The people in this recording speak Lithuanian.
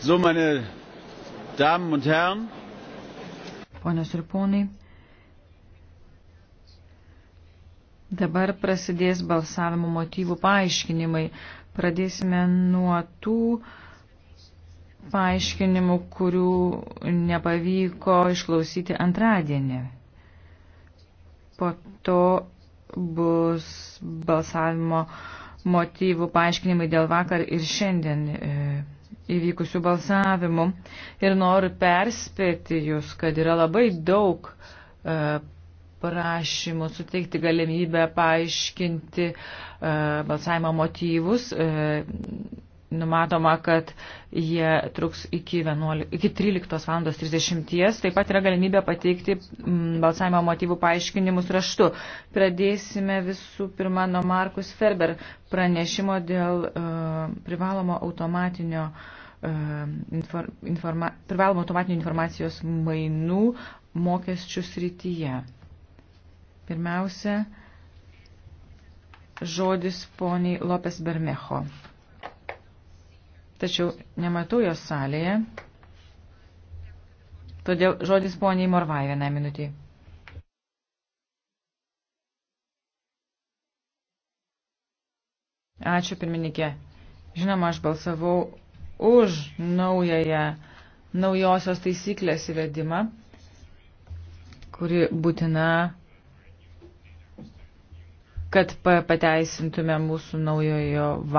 So, meine Damen und Herren. Ponios ir ponai, dabar prasidės balsavimo motyvų paaiškinimai. Pradėsime nuo tų paaiškinimų, kurių nepavyko išklausyti antradienį. Po to bus balsavimo motyvų paaiškinimai dėl vakar ir šiandien e, įvykusių balsavimų. Ir noriu perspėti Jūs, kad yra labai daug e, prašymų suteikti galimybę paaiškinti e, balsavimo motyvus. E, numatoma, kad jie truks iki, 11, iki 13.30. Taip pat yra galimybė pateikti mm, balsavimo motyvų paaiškinimus raštu. Pradėsime visų pirma nuo Markus Ferber pranešimo dėl uh, privalomo automatinio uh, informa, privalomo automatinių informacijos mainų mokesčių srityje. Pirmiausia, žodis poniai Lopes Bermecho tačiau nematau jos salėje. Todėl žodis poniai Morvai vieną minutį. Ačiū pirmininkė. Žinoma, aš balsavau už naująją, naujosios taisyklės įvedimą, kuri būtina, kad pateisintume mūsų naujojo va.